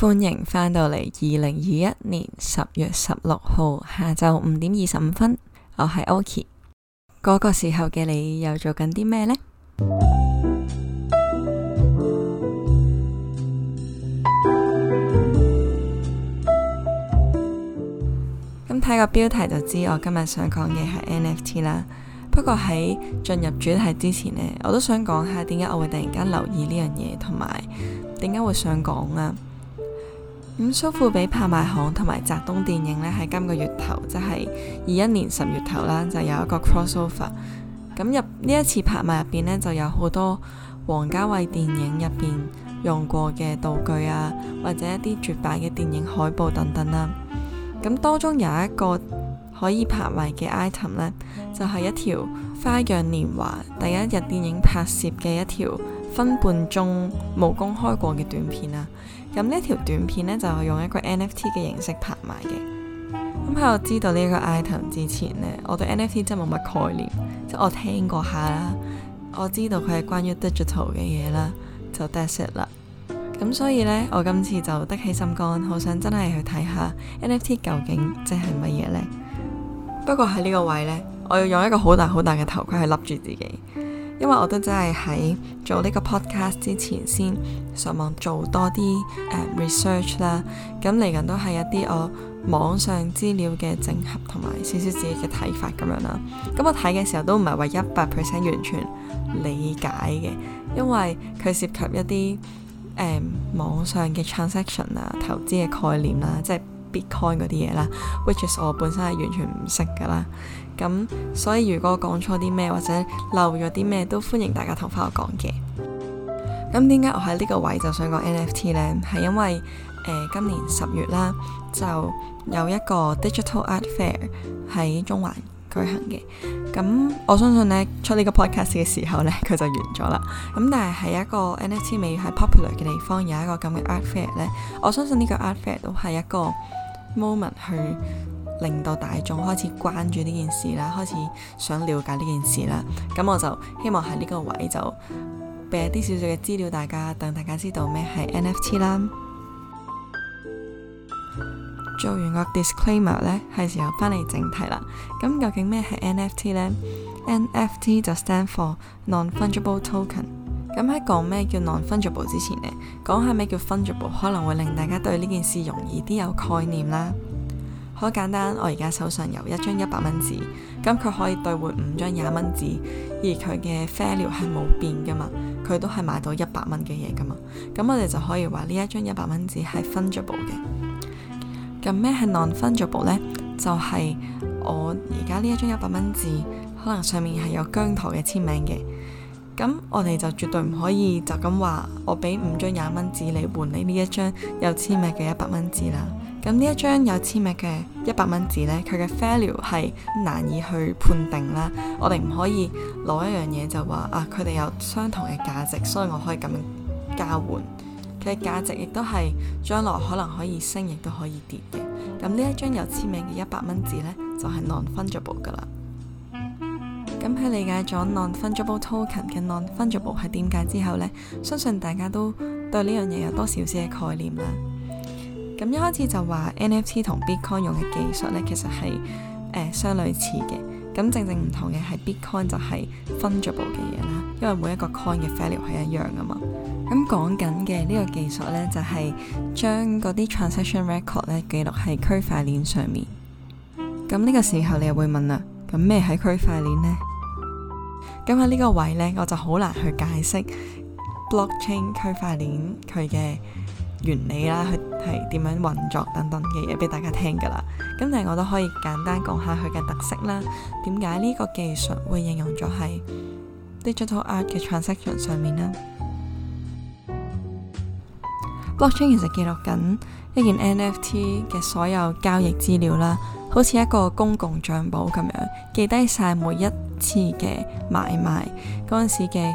歡迎返到嚟，二零二一年十月十六號下晝五點二十五分，我係 Oaki。嗰個時候嘅你又做緊啲咩呢？咁睇個標題就知我今日想講嘅係 NFT 啦。不過喺進入主題之前呢，我都想講下點解我會突然間留意呢樣嘢，同埋點解會想講啊？咁蘇、嗯、富比拍賣行同埋澤東電影呢，喺今個月頭，即係二一年十月頭啦，就有一個 crossover。咁入呢一次拍賣入邊呢，就有好多王家衛電影入邊用過嘅道具啊，或者一啲絕版嘅電影海報等等啦、啊。咁當中有一個可以拍賣嘅 item 呢，就係、是、一條《花樣年華》第一日電影拍攝嘅一條分半鐘冇公開過嘅短片啦，咁呢一條短片呢，就用一個 NFT 嘅形式拍賣嘅。咁喺我知道呢一個 item 之前呢，我對 NFT 真係冇乜概念，即係我聽過下啦，我知道佢係關於 digital 嘅嘢啦，就 that’s it 啦。咁所以呢，我今次就得起心肝，好想真係去睇下 NFT 究竟即係乜嘢呢。不過喺呢個位呢，我要用一個好大好大嘅頭盔去笠住自己。因為我都真係喺做呢個 podcast 之前先上網做多啲誒 research 啦，咁嚟緊都係一啲我網上資料嘅整合同埋少少自己嘅睇法咁樣啦。咁我睇嘅時候都唔係話一百 percent 完全理解嘅，因為佢涉及一啲誒、嗯、網上嘅 transaction 啊、投資嘅概念啦，即係。Bitcoin 嗰啲嘢啦，which is 我本身係完全唔識噶啦，咁所以如果講錯啲咩或者漏咗啲咩，都歡迎大家同翻我講嘅。咁點解我喺呢個位就想講 NFT 咧？係因為誒、呃、今年十月啦，就有一個 Digital Art Fair 喺中環舉行嘅。咁我相信咧出呢個 podcast 嘅時候咧，佢就完咗啦。咁但係喺一個 NFT 未喺 popular 嘅地方有一個咁嘅 Art Fair 咧，我相信呢個 Art Fair 都係一個。moment 去令到大眾開始關注呢件事啦，開始想了解呢件事啦。咁我就希望喺呢個位就俾一啲少少嘅資料大家，等大家知道咩係 NFT 啦。做完個 disclaimer 咧，係時候翻嚟正題啦。咁究竟咩係 NFT 呢？NFT 就 stand for non-fungible token。咁喺講咩叫 non-fungible 之前呢，講下咩叫 fungible 可能會令大家對呢件事容易啲有概念啦。好簡單，我而家手上有一張一百蚊紙，咁佢可以兌換五張廿蚊紙，而佢嘅 value 係冇變噶嘛，佢都係買到一百蚊嘅嘢噶嘛，咁我哋就可以話呢一張一百蚊紙係 fungible 嘅。咁咩係 non-fungible 呢？就係、是、我而家呢一張一百蚊紙，可能上面係有姜濤嘅簽名嘅。咁我哋就絕對唔可以就咁話，我俾五張廿蚊紙你換你呢一張有簽名嘅一百蚊紙啦。咁呢一張有簽名嘅一百蚊紙呢，佢嘅 value 係難以去判定啦。我哋唔可以攞一樣嘢就話啊，佢哋有相同嘅價值，所以我可以咁樣交換。佢嘅價值亦都係將來可能可以升，亦都可以跌嘅。咁呢一張有簽名嘅一百蚊紙呢，就係 non-fungible 噶啦。咁喺理解咗 non-fungible token 嘅 non-fungible 係點解之後呢，相信大家都對呢樣嘢有多少少嘅概念啦。咁一開始就話 NFT 同 Bitcoin 用嘅技術呢，其實係誒、呃、相類似嘅。咁正正唔同嘅係 Bitcoin 就係 fungible 嘅嘢啦，因為每一個 coin 嘅 value 係一樣噶嘛。咁講緊嘅呢個技術呢，就係、是、將嗰啲 transaction record 呢記錄喺區塊鏈上面。咁呢個時候你又會問啦，「咁咩喺區塊鏈呢？」咁喺呢個位呢，我就好難去解釋 blockchain 區塊鏈佢嘅原理啦，佢係點樣運作等等嘅嘢俾大家聽噶啦。咁但係我都可以簡單講下佢嘅特色啦。點解呢個技術會應用咗喺 digital art 嘅 transaction 上面呢？blockchain 其實記錄緊一件 NFT 嘅所有交易資料啦，好似一個公共帳簿咁樣，記低晒每一次嘅買賣嗰陣時嘅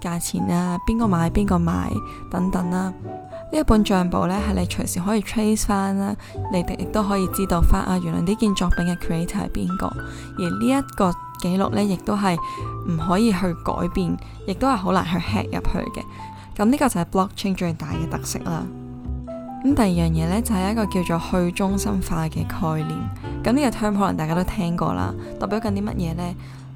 價錢啊，邊個買邊個買等等啦，呢一本賬簿呢，係你隨時可以 trace 翻啦，你亦亦都可以知道翻啊，原來呢件作品嘅 creator 係邊個，而呢一個記錄呢，亦都係唔可以去改變，亦都係好難去 hack 入去嘅，咁呢個就係 blockchain 最大嘅特色啦。咁第二樣嘢呢，就係、是、一個叫做去中心化嘅概念，咁呢個 term 可能大家都聽過啦，代表緊啲乜嘢呢？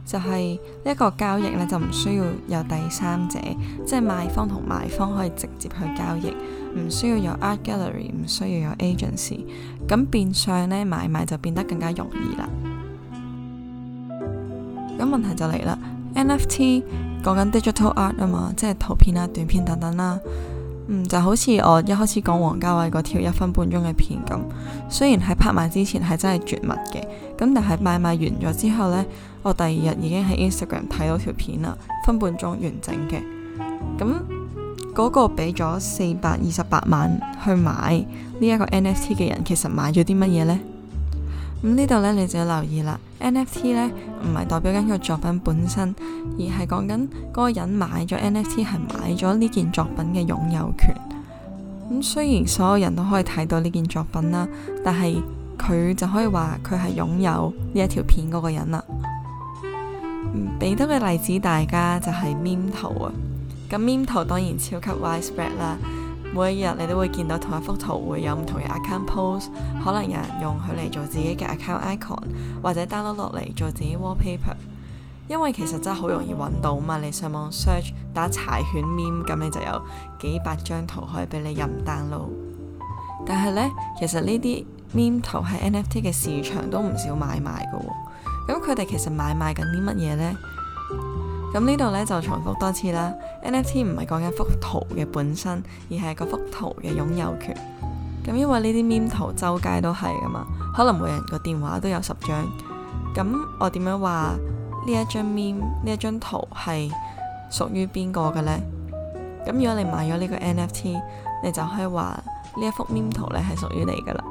就係一個交易咧，就唔需要有第三者，即係買方同賣方可以直接去交易，唔需要有 art gallery，唔需要有 agency。咁變相呢，買賣就變得更加容易啦。咁問題就嚟啦，NFT 講緊 digital art 啊嘛，即係圖片啦、短片等等啦。嗯，就好似我一開始講王家衛嗰條一分半鐘嘅片咁，雖然喺拍賣之前係真係絕密嘅，咁但係買賣完咗之後呢。我第二日已經喺 Instagram 睇到條片啦，分半鐘完整嘅。咁嗰個俾咗四百二十八萬去買呢一個 NFT 嘅人，其實買咗啲乜嘢呢？咁呢度呢，你就要留意啦。NFT 呢，唔係代表緊個作品本身，而係講緊嗰個人買咗 NFT 係買咗呢件作品嘅擁有權。咁雖然所有人都可以睇到呢件作品啦，但係佢就可以話佢係擁有呢一條片嗰個人啦。俾多嘅例子，大家就係 meme 圖啊！咁 meme 圖當然超級 widespread 啦，每一日你都會見到同一幅圖會有唔同嘅 account post，可能有人用佢嚟做自己嘅 account icon，或者 download 落嚟做自己 wallpaper。因為其實真係好容易揾到嘛，你上網 search 打柴犬 meme，咁你就有幾百張圖可以俾你任 download。但係呢，其實呢啲 meme 圖喺 NFT 嘅市場都唔少買賣㗎喎。咁佢哋其實買賣緊啲乜嘢呢？咁呢度呢，就重複多次啦。NFT 唔係講緊幅圖嘅本身，而係嗰幅圖嘅擁有權。咁因為呢啲 meme 圖周街都係噶嘛，可能每人個電話都有十張。咁我點樣話呢一張 meme 呢一張圖係屬於邊個嘅呢？咁如果你買咗呢個 NFT，你就可以話呢一幅 meme 圖呢係屬於你噶啦。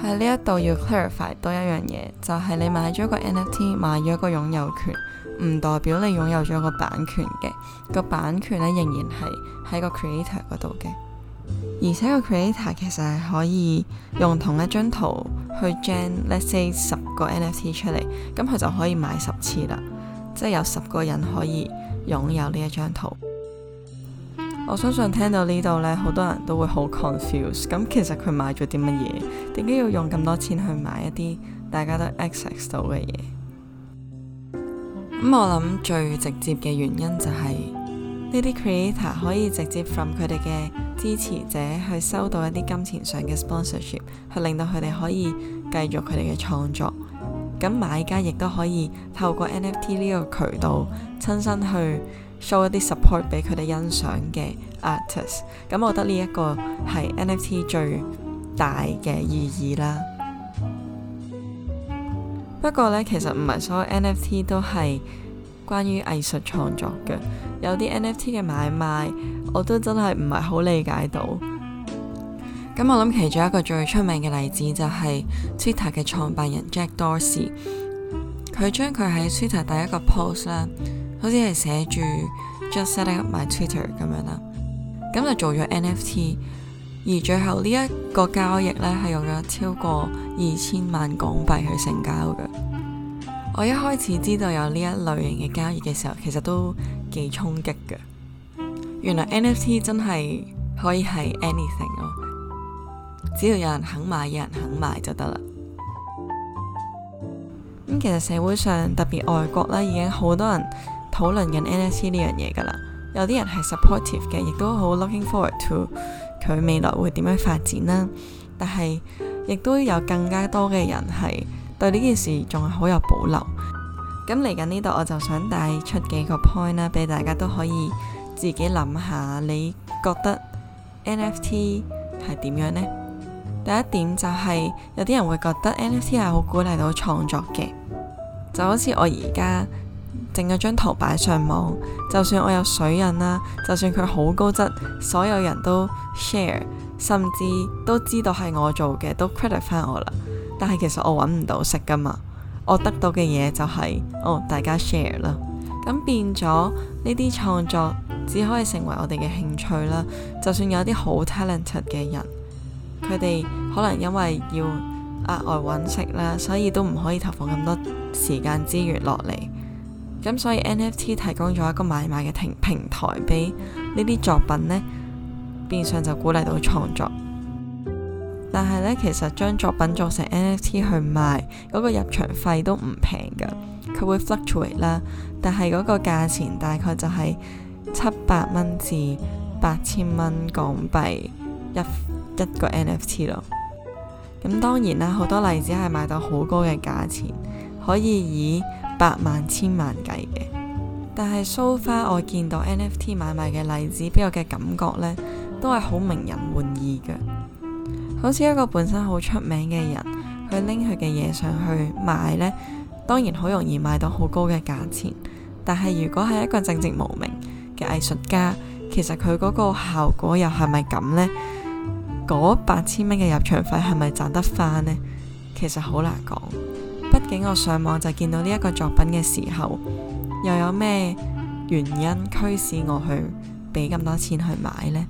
喺呢一度要 clarify 多一樣嘢，就係、是、你買咗個 NFT，買咗個擁有權，唔代表你擁有咗個版權嘅、個版權咧，仍然係喺個 creator 度嘅。而且個 creator 其實係可以用同一張圖去 gen，let's say 十個 NFT 出嚟，咁佢就可以買十次啦，即係有十個人可以擁有呢一張圖。我相信聽到呢度呢，好多人都會好 confused。咁其實佢買咗啲乜嘢？點解要用咁多錢去買一啲大家都 access 到嘅嘢？咁、嗯、我諗最直接嘅原因就係、是、呢啲 creator 可以直接 from 佢哋嘅支持者去收到一啲金錢上嘅 sponsorship，去令到佢哋可以繼續佢哋嘅創作。咁買家亦都可以透過 NFT 呢個渠道親身去 show 一啲 support 俾佢哋欣賞嘅 artists，咁我覺得呢一個係 NFT 最大嘅意義啦。不過呢，其實唔係所有 NFT 都係關於藝術創作嘅，有啲 NFT 嘅買賣我都真係唔係好理解到。咁我諗其中一個最出名嘅例子就係 Twitter 嘅創辦人 Jack Dorsey，佢將佢喺 Twitter 第一個 post 咧。好似係寫住 just setting up my Twitter 咁樣啦，咁就做咗 NFT，而最後呢一個交易呢係用咗超過二千萬港幣去成交嘅。我一開始知道有呢一類型嘅交易嘅時候，其實都幾衝擊嘅。原來 NFT 真係可以係 anything 咯，只要有人肯買，有人肯買就得啦。咁、嗯、其實社會上特別外國呢已經好多人。討論緊 NFT 呢樣嘢噶啦有啲人係 supportive 嘅，亦都好 looking forward to 佢未來會點樣發展啦。但係亦都有更加多嘅人係對呢件事仲係好有保留。咁嚟緊呢度我就想帶出幾個 point 啦，俾大家都可以自己諗下，你覺得 NFT 係點樣呢？第一點就係，有啲人會覺得 NFT 係好鼓勵到創作嘅，就好似我而家。整嗰張圖擺上網，就算我有水印啦、啊，就算佢好高質，所有人都 share，甚至都知道係我做嘅，都 credit 返我啦。但係其實我揾唔到食噶嘛，我得到嘅嘢就係、是、哦，大家 share 啦，咁變咗呢啲創作只可以成為我哋嘅興趣啦。就算有啲好 talented 嘅人，佢哋可能因為要額外揾食啦，所以都唔可以投放咁多時間資源落嚟。咁所以 NFT 提供咗一個買賣嘅平平台俾呢啲作品呢，變相就鼓勵到創作。但係呢，其實將作品做成 NFT 去賣，嗰、嗰個入場費都唔平噶佢會 fluctuate 啦。但係嗰個價錢大概就係七百蚊至八千蚊港幣一一個 NFT 咯。咁當然啦，好多例子係賣到好高嘅價錢，可以以百萬千萬計嘅，但係蘇花我見到 NFT 買賣嘅例子，俾我嘅感覺呢，都係好名人玩意嘅，好似一個本身好出名嘅人去拎佢嘅嘢上去賣呢，當然好容易賣到好高嘅價錢。但係如果係一個正直無名嘅藝術家，其實佢嗰個效果又係咪咁呢？嗰八千蚊嘅入場費係咪賺得翻呢？其實好難講。畢竟我上網就見到呢一個作品嘅時候，又有咩原因驅使我去俾咁多錢去買呢？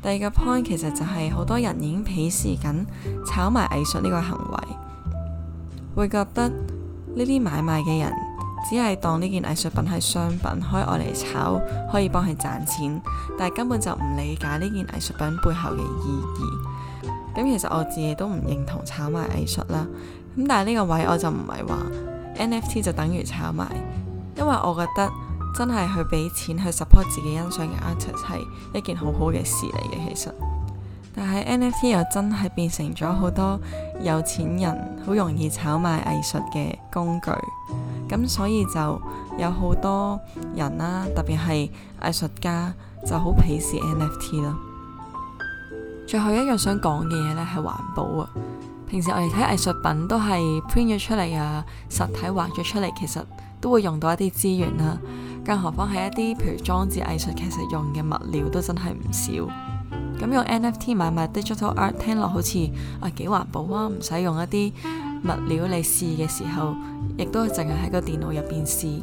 第二個 point 其實就係、是、好多人已經鄙視緊炒賣藝術呢個行為，會覺得呢啲買賣嘅人只係當呢件藝術品係商品，可以愛嚟炒，可以幫佢賺錢，但係根本就唔理解呢件藝術品背後嘅意義。咁其實我自己都唔認同炒賣藝術啦。咁但係呢個位我就唔係話 NFT 就等於炒賣，因為我覺得真係去俾錢去 support 自己欣賞嘅 artist 係一件好好嘅事嚟嘅，其實。但係 NFT 又真係變成咗好多有錢人好容易炒賣藝術嘅工具，咁所以就有好多人啦、啊，特別係藝術家就好鄙視 NFT 啦。最後一樣想講嘅嘢呢係環保啊！平時我哋睇藝術品都係 print 咗出嚟啊，實體畫咗出嚟，其實都會用到一啲資源啦。更何況係一啲譬如裝置藝術，其實用嘅物料都真係唔少。咁用 NFT 買賣 digital art，聽落好似啊幾環保啊，唔使用，用一啲物料你試嘅時候，亦都係淨係喺個電腦入邊試。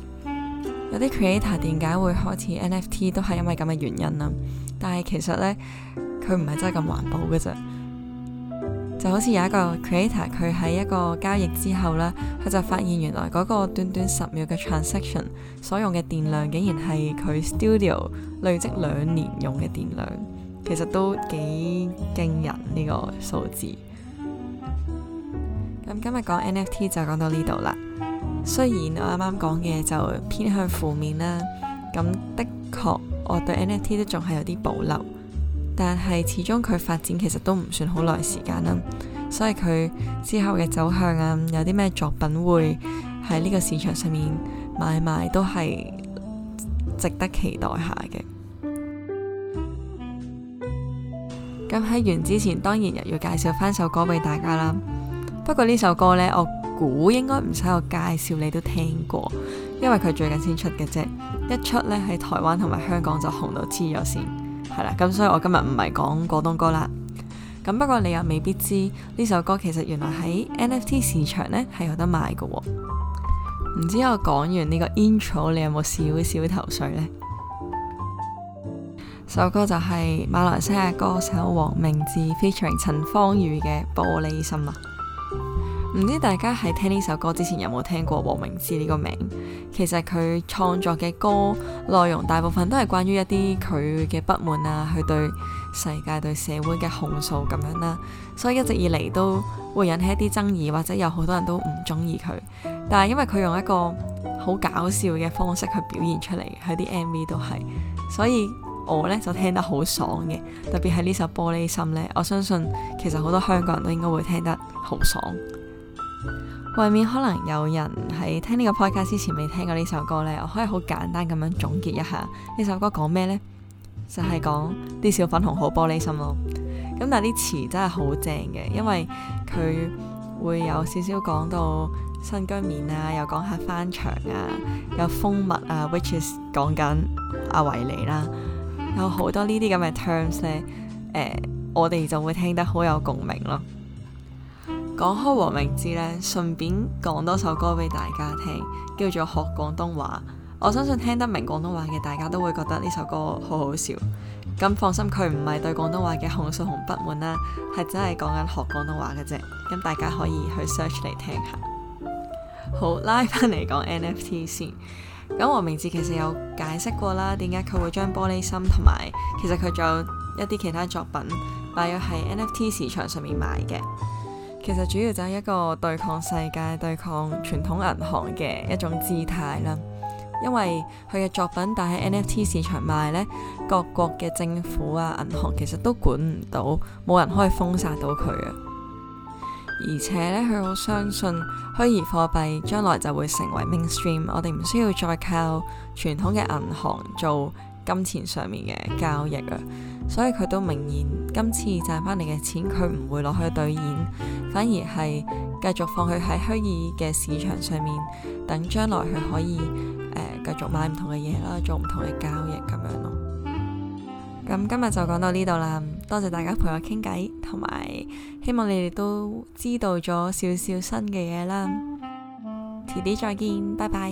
有啲 creator 點解會開始 NFT，都係因為咁嘅原因啊？但係其實呢，佢唔係真係咁環保嘅咋。就好似有一個 creator，佢喺一個交易之後呢，佢就發現原來嗰個短短十秒嘅 transaction 所用嘅電量，竟然係佢 studio 累積兩年用嘅電量，其實都幾驚人呢，呢個數字。咁今日講 NFT 就講到呢度啦。雖然我啱啱講嘅就偏向負面啦，咁的確我對 NFT 都仲係有啲保留。但係始終佢發展其實都唔算好耐時間啦，所以佢之後嘅走向啊，有啲咩作品會喺呢個市場上面買賣，都係值得期待下嘅。咁喺完之前，當然又要介紹翻首歌俾大家啦。不過呢首歌呢，我估應該唔使我介紹，你都聽過，因為佢最近先出嘅啫。一出呢，喺台灣同埋香港就紅到黐咗線。係啦，咁所以我今日唔係講廣東歌啦，咁不過你又未必知呢首歌其實原來喺 NFT 市場呢係有得賣㗎喎，唔知我講完呢個 intro 你有冇少少頭緒呢？首歌就係馬來西亞歌手黃明志 featuring 陳芳語嘅玻璃心啊！唔知大家喺聽呢首歌之前有冇聽過黃明志呢個名？其實佢創作嘅歌內容大部分都係關於一啲佢嘅不滿啊，佢對世界、對社會嘅控訴咁樣啦、啊，所以一直以嚟都會引起一啲爭議，或者有好多人都唔中意佢。但係因為佢用一個好搞笑嘅方式去表現出嚟，佢啲 MV 都係，所以我呢就聽得好爽嘅。特別係呢首《玻璃心》呢，我相信其實好多香港人都應該會聽得好爽。為免可能有人喺聽呢個 podcast 之前未聽過呢首歌呢，我可以好簡單咁樣總結一下呢首歌講咩呢？就係講啲小粉紅好玻璃心咯。咁但係啲詞真係好正嘅，因為佢會有少少講到新疆棉啊，又講下翻牆啊，有蜂蜜啊，which is 講緊阿維尼啦，有好多呢啲咁嘅 terms 呢，我哋就會聽得好有共鳴咯。講開黃明志呢，順便講多首歌俾大家聽，叫做《學廣東話》。我相信聽得明廣東話嘅大家都會覺得呢首歌好好笑。咁放心，佢唔係對廣東話嘅控訴同不滿啦，係真係講緊學廣東話嘅啫。咁大家可以去 search 嚟聽下。好，拉翻嚟講 NFT 先。咁黃明志其實有解釋過啦，點解佢會將玻璃心同埋，其實佢仲有一啲其他作品，大約係 NFT 市場上面買嘅。其實主要就係一個對抗世界、對抗傳統銀行嘅一種姿態啦。因為佢嘅作品帶喺 NFT 市場賣呢，各國嘅政府啊、銀行其實都管唔到，冇人可以封殺到佢啊。而且呢佢好相信虛擬貨幣將來就會成為 mainstream，我哋唔需要再靠傳統嘅銀行做金錢上面嘅交易啊，所以佢都明顯今次賺翻嚟嘅錢，佢唔會落去兌現，反而係繼續放佢喺虛擬嘅市場上面，等將來佢可以誒、呃、繼續買唔同嘅嘢啦，做唔同嘅交易咁樣咯。咁今日就講到呢度啦，多謝大家陪我傾偈，同埋希望你哋都知道咗少少新嘅嘢啦。遲啲再見，拜拜。